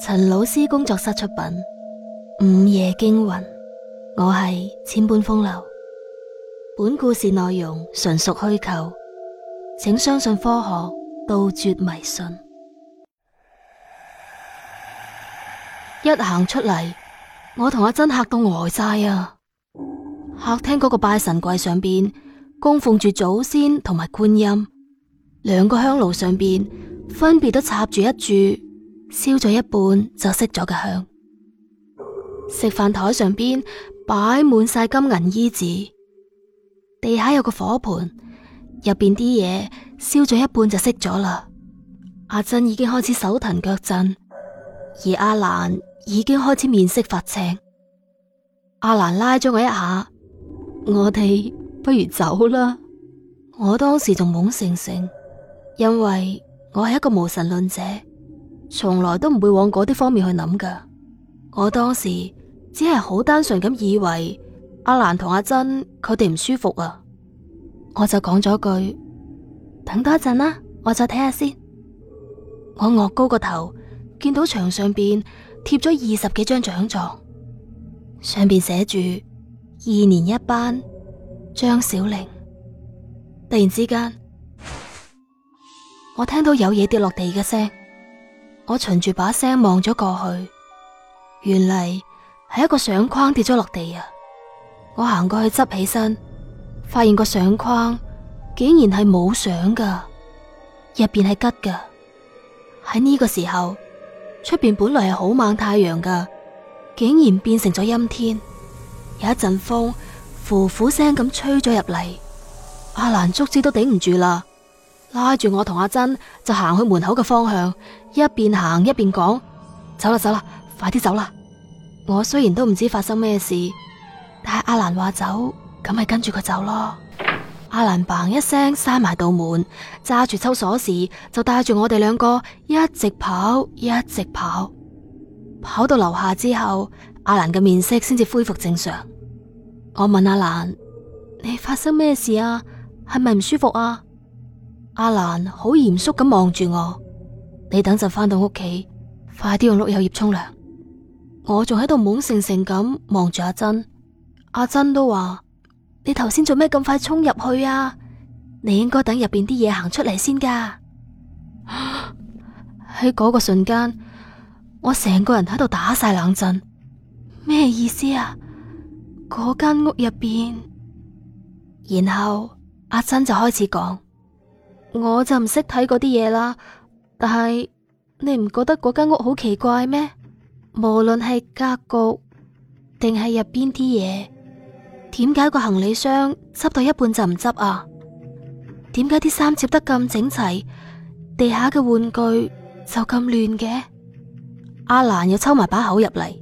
陳老師工作室出品《午夜驚魂》，我係千般風流。本故事內容純屬虛構，請相信科學，杜絕迷信。 一行出嚟，我同阿珍吓到呆晒啊！客廳嗰個拜神櫃上邊供奉住祖先同埋觀音，兩個香爐上邊分別都插住一柱。燒咗一半就熄咗嘅香，食飯台上邊擺滿曬金銀衣紙，地下有個火盆，入邊啲嘢燒咗一半就熄咗啦。阿珍已經開始手騰腳震，而阿蘭已經開始面色發青。阿蘭拉咗我一下，我哋不如走啦。我當時仲懵成成，因為我係一個無神論者。從來都唔會往嗰啲方面去諗噶。我當時只係好單純咁以為阿蘭同阿珍佢哋唔舒服啊，我就講咗句：等多一陣啦，我再睇下先。我岳高個頭，見到牆上邊貼咗二十幾張獎狀，上邊寫住二年一班張小玲。突然之間，我聽到有嘢跌落地嘅聲。我循住把聲望咗過去，原嚟係一個相框跌咗落地啊！我行過去執起身，發現個相框竟然係冇相噶，入邊係吉噶。喺呢個時候，出邊本來係好猛太陽噶，竟然變成咗陰天，有一陣風呼呼聲咁吹咗入嚟，阿蘭足趾都頂唔住啦。拉住我同阿珍就行去門口嘅方向，一邊行一邊講：走啦，走啦，快啲走啦！我雖然都唔知發生咩事，但係阿蘭話走，咁咪跟住佢走咯。阿蘭砰一聲閂埋道門，揸住抽鎖匙就帶住我哋兩個一直跑，一直跑，跑到樓下之後，阿蘭嘅面色先至恢復正常。我問阿蘭：你發生咩事啊？係咪唔舒服啊？阿蘭好嚴肅咁望住我，你等陣翻到屋企，快啲用碌柚葉沖涼。我仲喺度懵盛盛咁望住阿珍，阿珍都話你頭先做咩咁快沖入去啊？你應該等入邊啲嘢行出嚟先噶。喺 嗰個瞬間，我成個人喺度打晒冷震，咩意思啊？嗰間屋入邊，然後阿珍就開始講。我就唔識睇嗰啲嘢啦，但係你唔覺得嗰間屋好奇怪咩？無論係格局定係入邊啲嘢，點解個行李箱執到一半就唔執啊？點解啲衫折得咁整齊，地下嘅玩具就咁亂嘅？阿蘭又抽埋把口入嚟，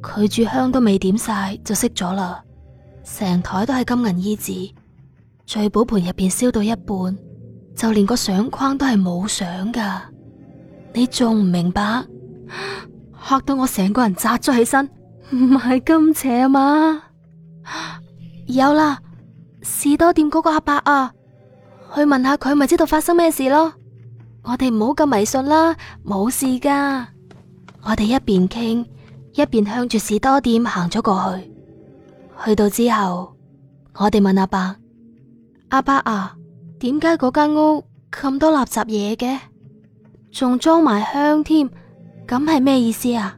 佢住香都未點晒就熄咗啦，成台都係金銀衣紙，聚寶盆入邊燒到一半。就連個相框都係冇相噶，你仲唔明白？嚇到 我成個人扎咗起身。唔係咁邪啊嘛， 有啦，士多店嗰個阿伯，伯啊，去問下佢咪知道發生咩事咯。我哋唔好咁迷信啦，冇事噶。 我哋一邊傾一邊向住士多店行咗過去。去到之後，我哋問阿伯，伯：阿伯啊！點解嗰間屋咁多垃圾嘢嘅，仲裝埋香添，咁係咩意思啊？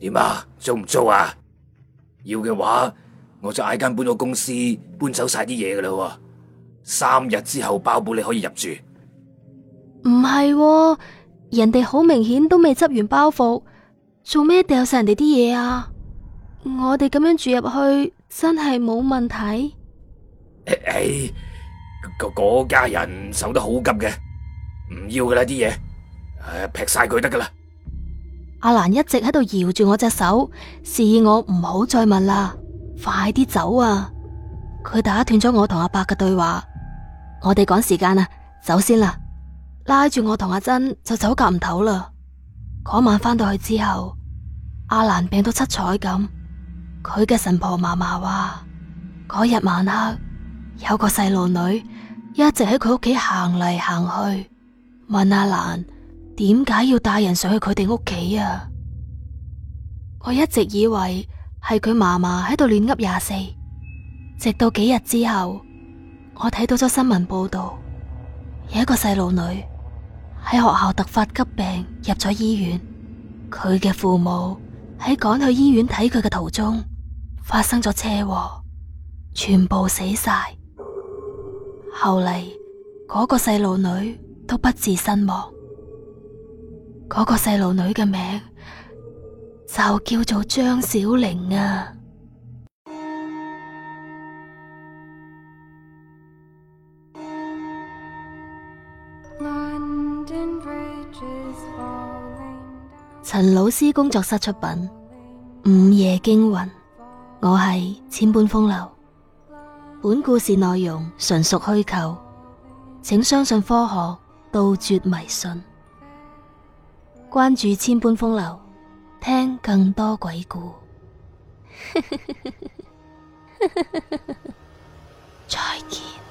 點啊？租唔租啊？要嘅話，我就嗌間搬屋公司搬走晒啲嘢噶啦，三日之後包保你可以入住。唔係、喎，人哋好明顯都未執完包袱，做咩掉晒人哋啲嘢啊？我哋咁樣住入去，真係冇問題。誒、哎。哎嗰家人手得好急嘅，唔要噶啦啲嘢，劈晒佢得噶啦。阿蘭一直喺度搖住我隻手，示意我唔好再問啦，快啲走啊！佢打斷咗我同阿伯嘅對話，我哋趕時間啊，走先啦！拉住我同阿珍就走夾唔唞啦。嗰晚翻到去之後，阿蘭病到七彩咁，佢嘅神婆嫲嫲話，嗰日晚黑有個細路女。一直喺佢屋企行嚟行去，問阿蘭點解要帶人上去佢哋屋企啊？我一直以為係佢嫲嫲喺度亂噏廿四，直到幾日之後，我睇到咗新聞報道，有一個細路女喺學校突發急病入咗醫院，佢嘅父母喺趕去醫院睇佢嘅途中發生咗車禍，全部死晒。後嚟嗰個細路女都不治身亡，嗰個細路女嘅名就叫做張小玲啊！陳老師工作室出品，午夜驚魂，我係千般風流。本故事內容純屬虛構，請相信科學，杜絕迷信。關注千般風流，聽更多鬼故。 再見。